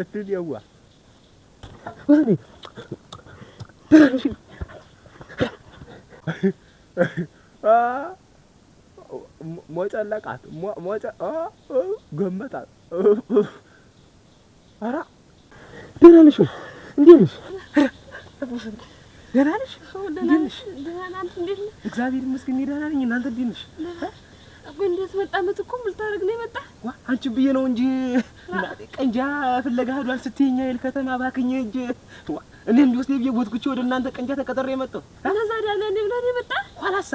ስትደዋ ሞጨለቃት ገመጣት። ኧረ ደህና ነሽ እንዴት ነሽ? ደህና ነሽ? እግዚአብሔር ይመስገን ደህና ነኝ። እናንተ እንዴት ነሽ? እንደት መጣመት እኮ ምን ልታረግ ነው ዋ አንቺ ብዬ ነው እንጂ ቀንጃ ፍለጋ ሄዷል ስትይኛ ይል ከተማ ባክኝ እንጂ እኔ እንዲወስ ብዬ ቦትኩቼ ወደ እናንተ ቀንጃ ተቀጠረ የመጣው እነዛ ዳለ እኔ ብላ የመጣ ኋላሳ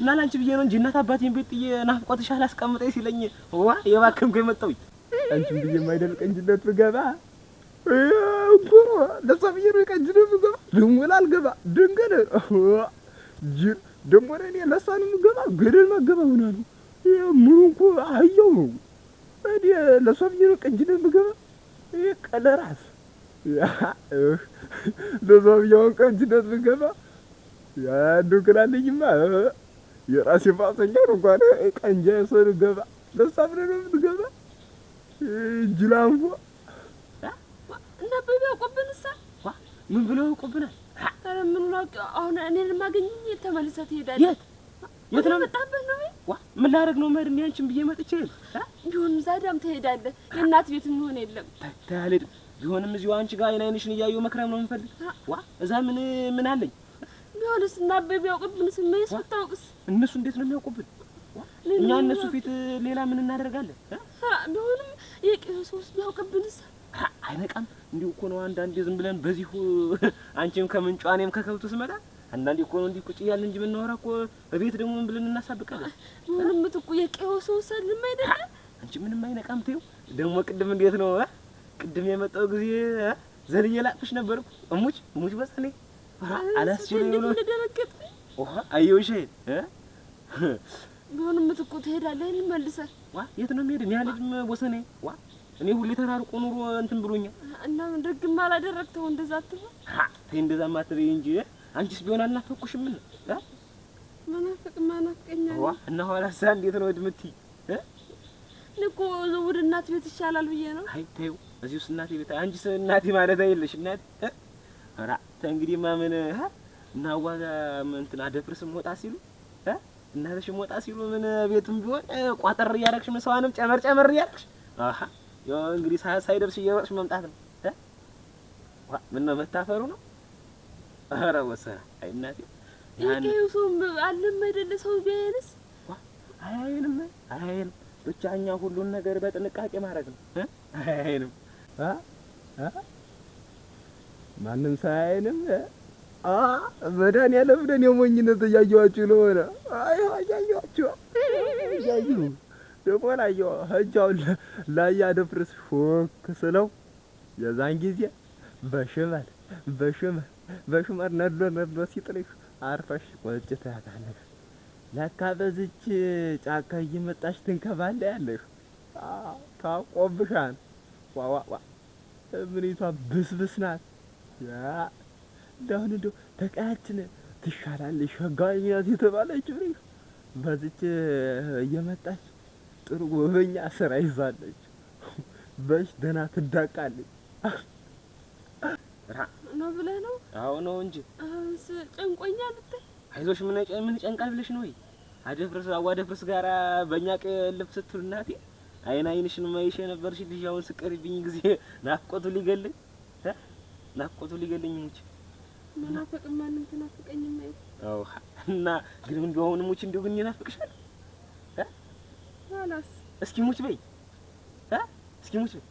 እና ለአንቺ ብዬ ነው እንጂ እናት አባቴን ቤት ጥዬ ናፍቆትሽ አላስቀምጠኝ ሲለኝ ዋ የባከምኩ የመጣው አንቺ ብዬ የማይደል ቀንጅነት ብገባ እኮ ለእሷ ብዬ ነው የቀንጅነት ብገባ ድንጎላ አልገባ ድንገል ጅ ደሞ እኔ ለእሷ ነው የምገባ ገደል ማገባ ሆና ሙሉ እንኳ አህያው ነው እኔ ለእሷ ብዬ ነው ቀንጅ ነው የምገባ። ይሄ ቀለራስ ለእሷ ብዬ አሁን ብገባ እንደው ክላለኝማ የራሴ ፋሰኛ እንኳን ቀንጃ ሰው ልገባ ለእሷ ብለህ ነው የምትገባ እጅላ እና በቢ ያውቆብንሳ ምን ብለው ያውቆብናል? ምን ሆኖ አሁን እኔን ማገኘኝ ተመልሰህ ትሄዳለህ የት ነው የመጣበት? ነው ዋ ምን ላደርግ ነው መሄድ የሚያንችን ብዬ መጥቼ ቢሆንም ዛዳም ትሄዳለህ። የእናት ቤት የሚሆን የለም ታያልድ ቢሆንም እዚሁ አንቺ ጋር አይን አይንሽን እያየሁ መክረም ነው የምፈልግ። ዋ እዛ ምን ምን አለኝ ቢሆንስ እና አበብ ያውቅብን ስመይስ ብታውቅስ እነሱ እንዴት ነው የሚያውቁብን? እኛ እነሱ ፊት ሌላ ምን እናደርጋለን? ቢሆንም የቄሱ ሰውስ ቢያውቅብንስ አይነቃም። እንዲሁ እኮ ነው አንዳንዴ ዝም ብለን በዚሁ አንቺም ከምንጫ እኔም ከከብቱ ስመጣ አንዳንዴ እኮ ነው እንዲህ ቁጭ እያልን እንጂ የምናወራ እኮ እቤት ደግሞ ምን ብለን እናሳብቃለን? ምንም ትኩ የቀው ሰው ሰልም አይደለ አንቺ ምንም አይነቃም። ተይው ደግሞ ቅድም እንዴት ነው ቅድም የመጣው ጊዜ ዘልዬ ላቅፍሽ ነበር እሙች እሙች በጸኔ አላስችለኝ ብሎ ኦሃ አየውሽ እ ምንም ትኩ ትሄዳለህ እንመልሰህ ዋ የት ነው የሚሄድ ያ ልጅም ወሰኔ ዋ እኔ ሁሌ ተራርቆ ኑሮ እንትን ብሎኛል። እና ምን ደግም አላደረግተው እንደዛ አትበል። አ ተይ እንደዛማ አትበይ እንጂ አንቺስ ቢሆን አልናፈቁሽም? ምን መናፈቅ ማናፍቀኛል። እና ኋላ ሳ እንዴት ነው የምትይ? እኮ ዝውውር እናት ቤት ይሻላል ብዬ ነው። አይ ተይው፣ እዚሁ እናቴ ቤት አንቺስ እናቴ ማለት አይደለሽ እናቴ። ኧረ ተእንግዲህ ማመን እና ዋጋ እንትን አደፍርስም ወጣ ሲሉ እናትሽም ወጣ ሲሉ ምን ቤቱም ቢሆን ቋጠር እያደረግሽ ሰዋንም ጨመር ጨመር እያደረግሽ እንግዲህ ሳይደርስ እየሮጥሽ መምጣት ነው። ምነው መታፈሩ ነው ኧረ አይ እናቴ ሰው ሰው ቢያየንስ አያየንም አያየንም ብቻ እኛ ሁሉን ነገር በጥንቃቄ ማድረግ ነው አያየንም አ ማንም ሳያየንም አ የሞኝነት ለሆነ አይ ደግሞ ሾክ ስለው የዛን ጊዜ በሽመል በሽመል በሹመር ነሎ ነሎ ሲጥልሽ አርፈሽ ወጭ ትያታለሽ። ለካ በዚች ጫካ እየመጣሽ ትንከባለ ያለሽ ታቆብሻን። ዋዋዋ እምኔቷ ብስብስ ናት። እንዳሁን እንዶ ተቀያችን ትሻላለሽ ሸጋኛት የተባለች ብሪ በዚች እየመጣች ጥሩ ጎበኛ ስራ ይዛለች። በሽ ደህና ትዳቃለች። ነው ብለህ ነው? አዎ ነው እንጂ አሁንስ ጨንቆኛል። አይዞሽ ምን ምን ጨንቃል ብለሽ ነው አደፍርስ አዋደፍርስ ጋራ በእኛ ቅልፍ ስትሉ እናቴ አይን አይንሽን ማይሽ የነበርሽ ልጅ አሁን ስቀርብኝ ጊዜ ናፍቆቱ ሊገልኝ ናፍቆቱ ሊገልኝ ሙች መናፈቅ ማንም ትናፍቀኝ ነው። አዎ እና ግን እንደው አሁን ሙች እንደው ግን ይናፍቅሻል። እስኪ ሙች በይ እስኪ ሙች በይ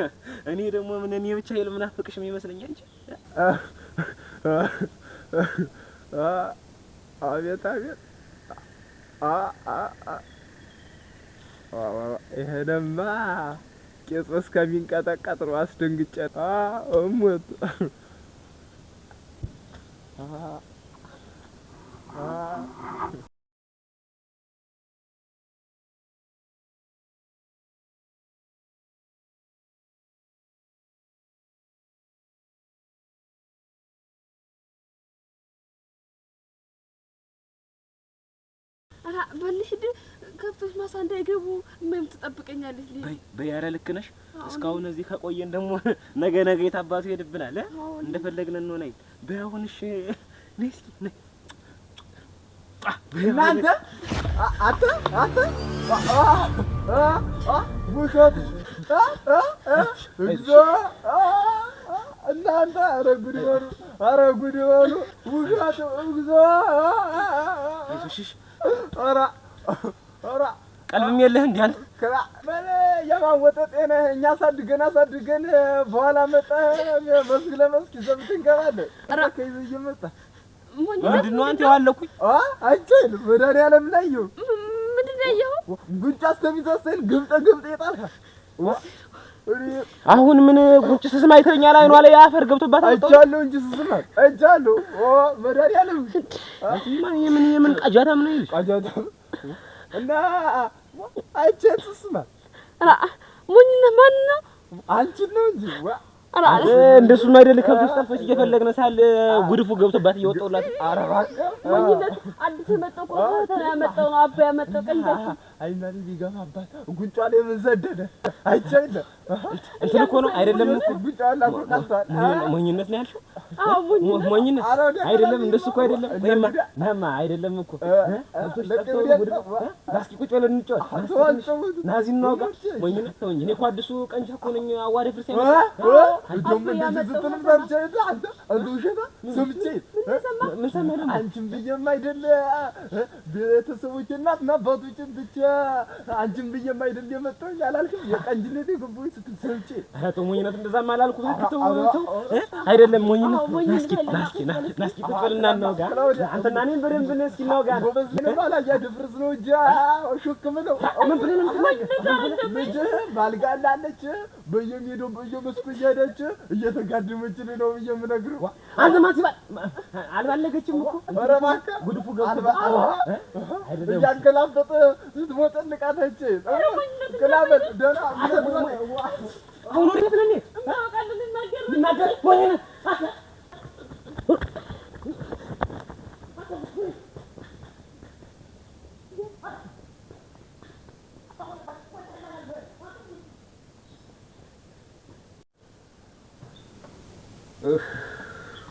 እኔ ደግሞ ምን እኔ ብቻ ይል ምን የምናፍቅሽ ይመስለኛል እንጂ አቤት አቤት ይሄንማ ቄጽ እስከሚንቀጠቀጥ ነው። አስደንግጬ እሞት ባልሄድ ከብቶች ማሳ እንዳይገቡ እማዬም ትጠብቀኛለች። በይ ልክ ነሽ። እስካሁን እዚህ ከቆየን ደግሞ ነገ ነገ የታባቱ ይሄድብናል። እንደፈለግን እንሆን አይደል? በይ እሺ ነይ እናንተ አተ አተ ውሸት እዛ እናንተ ኧረ ጉድ በሉ ኧረ ጉድ በሉ ውሸት እዛ ቀልብም የለህ እንዴ አንተ? የማወጠ ጤና እኛ አሳድገን አሳድገን በኋላ መጣ መስክ ለመስክ ይዘህ ትንገባለህ። ከይዘህ እየመጣህ ምንድን ነው አንተ የዋለኩኝ? አይቻልም። መድኃኒዓለም ላይ ምንድን ነው ያየኸው? ጉንጫ እስከሚሳሳይል ግምጠ ግምጠ የጣልካ አሁን ምን ጉንጭ ስስማ ይተኛል። አይኗ ላይ አፈር ገብቶባት አይቻለሁ እንጂ ስስማ አይቻለሁ። ኦ መድኃኒዓለም የምን የምን ቃጃታም ነው ይል ቃጃታ እና አይቼት ስስማ አላ ሙኝ ማን ነው አንቺ ነው እንጂ አላ እንደሱም አይደል ከብት ከብቶች ጠፋች እየፈለግን ሳል ጉድፉ ገብቶባት እየወጣሁላት። ኧረ እባክህ ሙኝነት አዲስ የመጣው እኮ ተራ ያመጣው ነው አባ ያመጣው ቀንጃችሁ አይመሪ ቢገባባት ጉንጫ ላይ ምን አይቻለ እንትን እኮ ነው አይደለም። ጉንጫ ላይ አቁርጣታል። ሞኝነት ነው ያልሽው? አዎ ሞኝነት አይደለም። እንደሱ እኮ አይደለም። ወይማ ናማ አይደለም እኮ ላስኪ ቁጭ ብለን እንጫወት። ናዚ ነው ሞኝነት ነው እኔ እኮ አዲሱ ቀንቻ እኮ ነኝ። አዋሪ ፍርስ ያለው እንደውም እንደዚህ ስትልም ሰምቼ አንተ አንተ ውሸታ ሰምቼ ምን ሰማህ? አንቺም ብዬማ አይደለ ቤተሰቦች እናት እና አባቶችን ብቻ አንቺም ብዬሽ አይደል የመጣሁኝ አላልክም? የቀንጅነቴ ጉቦኝ ስትል ሰምቼ ኧረ ተው ሞኝነት፣ እንደዛማ አላልኩም። ተው ተው፣ አይደለም ሞኝነት። እስኪ ና እስኪ ና እስኪ ቁጭ ብልና እናውጋ፣ አንተና እኔም በደንብ ነው። እስኪ እናውጋ። ጎበዝ ነው አላያ ድፍርስ ነው እንጂ ሹክ ብለው ምን ብለን ነው ልጅህ ባልጋ እንዳለች በየሜዳው በየመስኩ እያዳች እየተጋደመችን ነው ብዬ የምነግርህ። አንተ ማስባል አልባለገችም እኮ ኧረ እባክህ ጉድፉ ገብቶ እያንገላበጠ ስትሞጠልቃታች ቅላበት ደህና አሁን ወዴት ነን?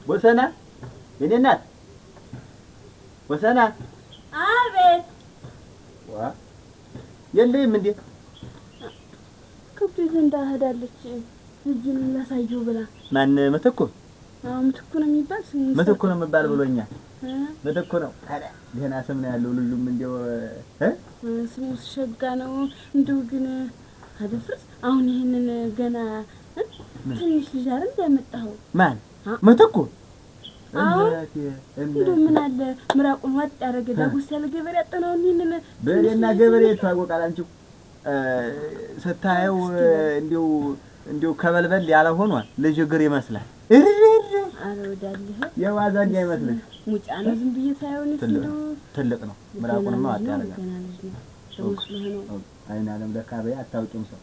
ወሰና የኔ እናት ወሰና። አቤት። ዋ የለይም እንዴ? ከብቱ ዘንዳ ሄዳለች። እጅን ላሳየው ብላ ማን መተኩ? አዎ መተኮ ነው የሚባል ስም መተኮ ነው የሚባል ብሎኛል። መተኮ ነው ታዲያ፣ ደህና ስም ነው ያለው። ልጁም እንደው እ ስሙ ሸጋ ነው እንደው ግን አደፍርስ አሁን ይሄንን ገና ትንሽ ልጅ አይደል ያመጣኸው? ማን መተኮ እንደው ምን አለ ምራቁን ዋጥ ያደረገ ዳጉስ ያለ ገበሬ ያጠናውን ይህንን በሬና ገበሬ ይተዋወቃል። አንቺው ስታየው እንዲው እንዲው ከበልበል ያለ ሆኗል። ልጅ እግር ይመስላል። ኧረ ወዳለህ የዋዛ እንዲህ አይመስልሽ። ሙጫ ነው ዝም ብዬ ሳይሆን ትልቅ ነው። ምራቁንማ ዋጥ ያደረጋል። አይናለም ለካ በይ አታውቂም ሰው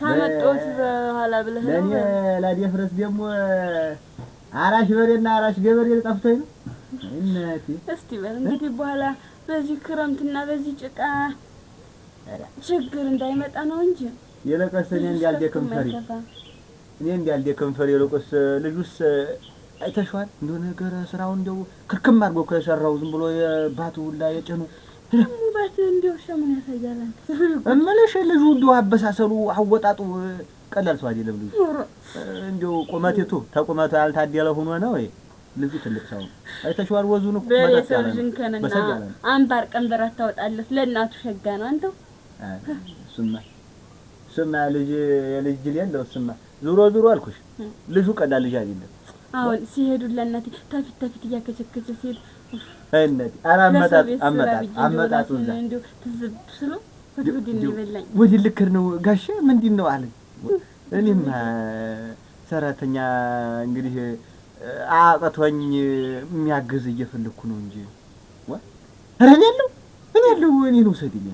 ታመጣሁት በኋላ ብለህ ነው። ለእኔ ላደፍረስ ደግሞ አራሽ በሬና አራሽ ገበሬ ጠፍቶኝ ነው። እናቴ እስቲ በል እንግዲህ በኋላ በዚህ ክረምትና በዚህ ጭቃ ችግር እንዳይመጣ ነው እንጂ የለቀስ እኔ እንዳልደከም ፈሪ እኔ እንዳልደከም ፈሪ የለቀስ ልጁስ አይተሽዋል። እንደው ነገር ስራው እንደው ክርክም አድርጎ ከሰራው ዝም ብሎ የባቱ ሁላ የጭኑ ውበት እንዲያው ሸምን ያሳያል። እምልሽ ልጁ እንዲያው አበሳሰሉ አወጣጡ ቀላል ሰው አይደለም። ልጁ ቁመቴቱ ተቁመቱ ያልታደለ ሆኖ ነው ልጁ ትልቅ ሰው ነው። አይተሽዋል። ወዙን እኮ ቀንበር አታወጣለት። ለእናቱ ሸጋ ነው። አንተው ልጅ የልጅ የለው አልኩሽ ልጁ ቀላል ልጅ አይደለም። አሁን ሲሄዱ ለእናቴ ተፊት ተፊት እያከቸከቸ ሲሄድ ይበላኝ ወደ ልክር ነው ጋሼ፣ ምንድን ነው አለኝ። እኔም ሰራተኛ እንግዲህ አቅቶኝ የሚያግዝ እየፈለኩ ነው እንጂ ኧረ እኔ አለሁ እኔ አለሁ እኔን ውሰድኝ።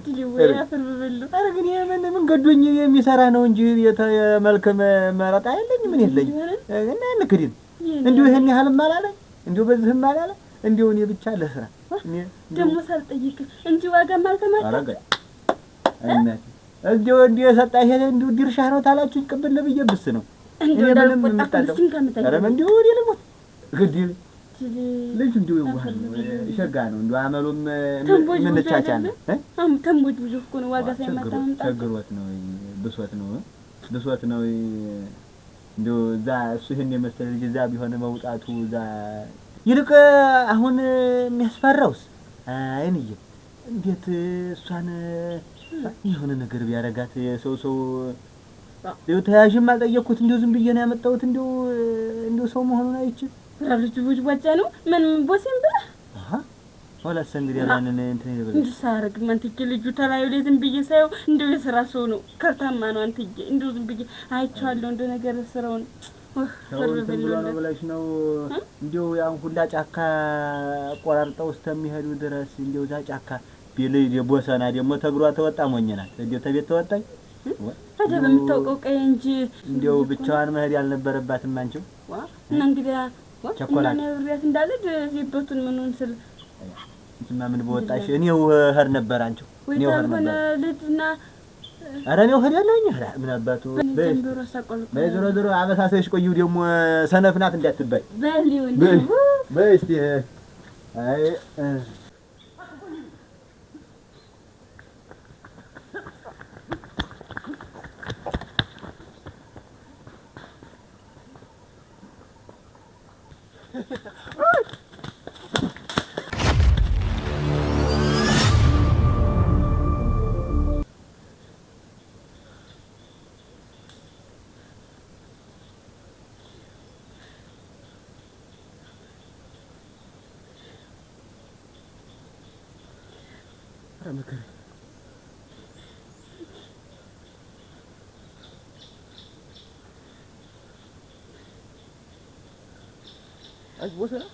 ኧረ ግን ምን ምን ገዶኝ የሚሰራ ነው እንጂ መልክ መረጣ የለኝ ምን የለኝ እና ንክድን እንዲሁ ይህን ያህልም አላለኝ እንዲሁ በዚህም አላለኝ እንዲሁ እኔ ብቻ ለስራ ደግሞ ሳልጠይቅ እንጂ ዋጋ ማልተማረ እንዲሁ እንዲሁ የሰጣሽ እንዲሁ ድርሻህ ነው ታላችሁ ቅብል ብዬ ብስ ነው እንዲሁ እንዲሁ እኔ ልሞት ግድ ልጅ እንዲሁ ይዋህ ሸጋ ነው እንዲሁ አመሉም ምንቻቻ ነው ተንቦጅ ብዙ እኮ ነው። ዋጋ ሳይመጣ ችግሮት ነው ብሶት ነው ብሶት ነው። እንዲሁ እዛ እሱ ይህን የመሰለ ልጅ እዛ ቢሆን መውጣቱ እዛ ይልቅ አሁን የሚያስፈራውስ አይንዬ እንዴት እሷን የሆነ ነገር ቢያረጋት ሰው ሰው ይኸው ተያዥም አልጠየቅኩት። እንዲሁ ዝም ብዬ ነው ያመጣሁት። እንዲሁ እንዲሁ ሰው መሆኑን አይቼ ራብልጅ ቡጅ ወጫ ነው ምን ቦሴም ብለ አሃ ወላስ እንግዲህ ያንን እንትን ይበል እንዴ ሳርግ አንትዬ ልጁ ተላዩ ላይ ዝም ብዬ ሳየው እንደው የስራ ሰው ነው። ከርታማ ነው አንትዬ። እንዲሁ ዝም ብዬ አይቼዋለሁ እንደው ነገር ስራውን ሰው ብሎ ብለሽ ነው እንዲሁ ያን ሁላ ጫካ ቆራርጠው እስከሚሄዱ ድረስ እንዲሁ እዛ ጫካ ቢልይ የቦሰና ደግሞ ተግሯ ተወጣ ሞኝ ናት። ተቤት ተወጣኝ ታዲያ በምታውቀው ቀይ እንጂ እንዲሁ ብቻዋን መሄድ ያልነበረባትም አንቺው እና እንግዲያ ቸኮላት ብሪያት እንዳለድ ዚበቱን ምኑን ስል እንጂማ ምን በወጣሽ እኔው እህር ነበር አንቺው እኔው እህር ነበር ኧረ እኔው እሄዳለሁ ምን አባቱ በይ ዞሮ ዞሮ አበሳሰሽ ቆዩ ደግሞ ሰነፍ ናት እንዳትባይ በይ እስኪ አይ Oh! നമുക്കറിയാം Ay, ¿vos será?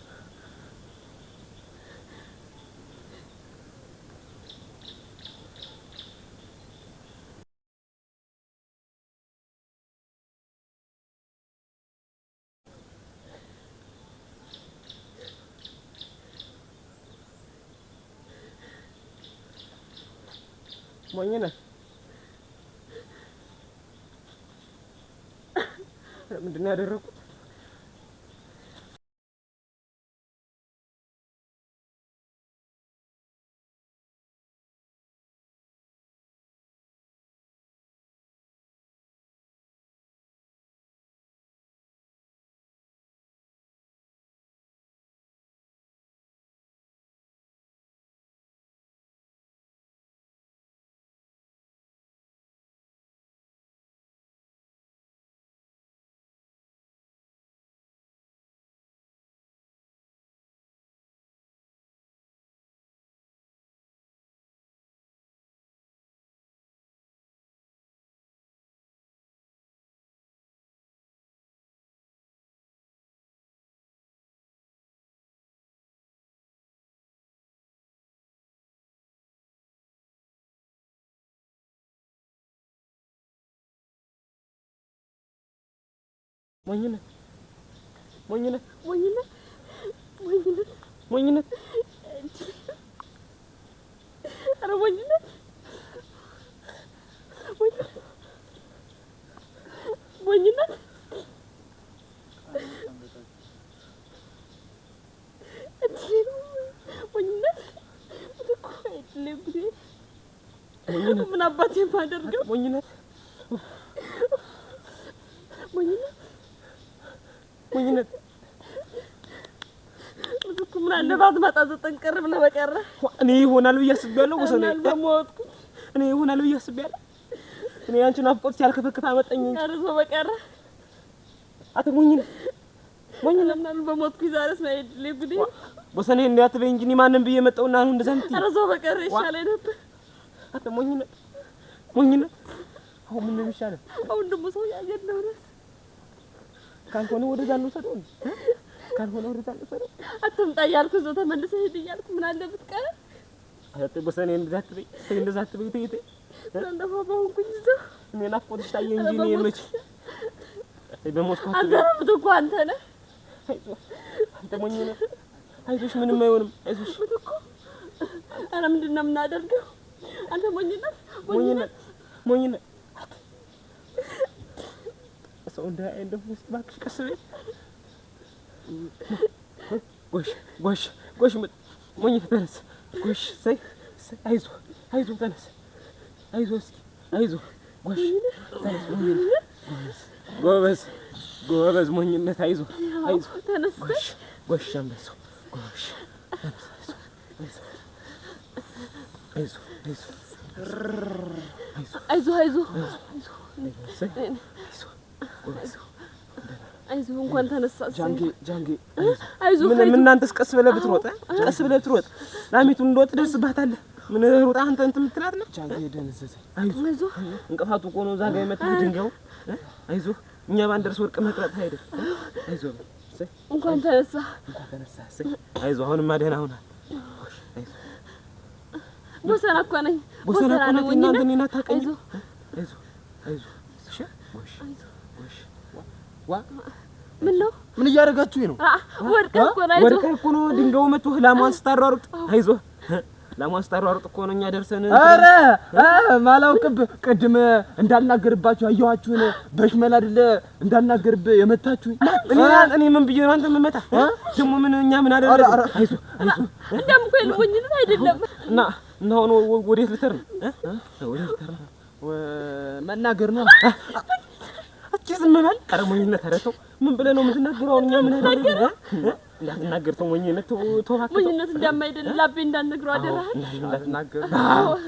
ሞኝነህ ምንድን ነው ያደረኩት? ሞኝነት ሞኝነት ሞኝነት ሞኝነት ሞኝነት ኧረ ሞኝነት ሞኝነት ሞኝነት ምን አባቴ ማደርገው ሞኝነት ሳትመጣ ዘጠኝ ቅር ብለህ በቀረህ እኔ ይሆናል ብዬ አስቤያለሁ። ወሰኔ እኔ ይሆናል ብዬ አስቤያለሁ። እኔ አንቺን ናፍቆት ሲያልከፈከፈ አመጣኝ እንጂ ቀርዞ በቀረህ አቶ ሞኝ ነህ ሞኝ ነህ ምናምን በሞትኩ ዛሬስ ማይድ ለጉዲ ወሰኔ አትበይ እንጂ እኔ ማንም ብዬ መጣሁና አሁን እንደዛ ምትይ ቀርዞ በቀረህ ይሻለኝ ነበር። አቶ ሞኝ ነህ አሁን ምን ይሻለ አሁን ደሞ ሰው ያየለው ነው። ካልሆነ ወደዛ እንውሰደው ካልሆነ ወደዛ አትምጣ እያልኩ እዛው ተመልሰህ ሂድ እያልኩ ምን አለ ብትቀር አትጎሰኔ እንደዛ አትበይ እንደዛ አትበይ ትይቴ ባለፈው በሆንኩኝ እዛው እኔ ናፍቆትሽ ታየ እንጂ እኔ መች በሞት አትገረምት እኮ አንተ ነህ። አንተ ሞኝ ነህ። አይዞሽ ምንም አይሆንም። አይዞሽ ምትኩ ኧረ ምንድን ነው የምናደርገው? አንተ ሞኝነት ሞኝነት ሞኝነት ሰው እንደ አይነት ውስጥ እባክሽ ቀስ በይ ጎሽ ጎሽ ጎሽ፣ ሞኝ ተነስ። ጎሽ ሳይ አይዞ አይዞ፣ ተነስ አይዞ፣ እስኪ አይዞ፣ ጎሽ ጎበዝ ጎበዝ፣ ሞኝነት አይዞ አይዞ፣ ጎሽ ጎሽ፣ አንበሳው ጎሽ፣ አይዞ አይዞ አይዞ አይዞ አይዞ አይዞ አይዞህ እንኳን ተነሳ። ጃንጌ ጃንጌ አይዞህ። እናንተስ ቀስ ብለህ ብትሮጥ ቀስ ብለህ ብትሮጥ ላሚቱን እንደወጥ ደርስባታለህ። ምን ሩጣ አንተ እንትን የምትላት ነው። ጃንጌ አይዞህ እንቅፋቱ እኮ ነው እዛ ጋር ድንጋዩ። አይዞህ እኛ ባንደርስ ወርቅ መቅረጥ አይደል። አይዞህ እንኳን ተነሳ እንኳን ተነሳ። አይዞህ አሁንማ ደህና ቦሰና እኮ ነኝ ቦሰና እኮ ነኝ። እናንተ እኔን አይዞህ አይዞህ አይዞህ ምን ነው? ምን እያደረጋችሁ ነው? ወድቀህ እኮ ነው፣ ወድቀህ እኮ ነው። መቶ ላሟን ስታሯሩጥ፣ ላሟን ስታሯሩጥ እኮ ነው እኛ ደርሰን። ኧረ ማላውቅብህ ቅድም እንዳልናገርባችሁ አየኋችሁን። በሽመል አይደለ እንዳልናገርብህ የመታችሁ እኔ ምን ብዬ ነው አንተ የምመታ ደግሞ? ምን እኛ ምን እኮ አይደለም እና እና አሁን ወዴት ነው? ወዴት ነው? መናገር ነው ዝም በል። ኧረ ሞኝነት ኧረ ተው። ምን ብለህ ነው የምትናገረው? አሁን እኛ ምን እናገረው? እንዳትናገር ተው። ሞኝነት ተው ተው፣ ሞኝነት እንደማይደል ላቤ እንዳትነግረው አደራህን። እንዳትናገር አደራህን። ሞኝ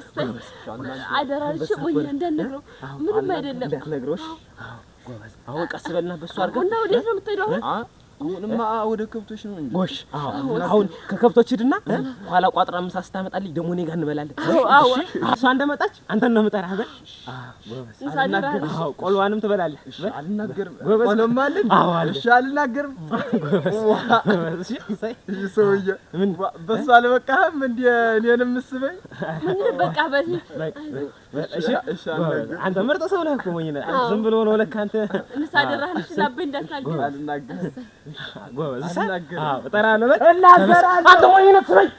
እንዳትነግረው ምንም አይደለም። እንዳትነግረው። እሺ አሁን ቀስ በልና በእሱ አድርገህ እና ወዴት ነው የምትሄደው አሁን? አሁንማ ወደ ከብቶች ነው እንጂ ጎሽ። አሁን ከከብቶች ድና ኋላ ቋጥራ ምሳ ስታመጣልኝ ደግሞ እኔ ጋር እንበላለን። እሷ እንደመጣች አንተ ነው የምጠራህ። ትበላለህ። አልናገርም። አልበቃህም? እኔንም በቃ አንተ ምርጥ ሰው ነህ እኮ ዝም ብሎ ነው ለካ አንተ ምሳ ደራህን እንዳትናገር ጎበዝ እጠራለሁ በል እናገራለሁ። አትሞኝ ነው ስበኝ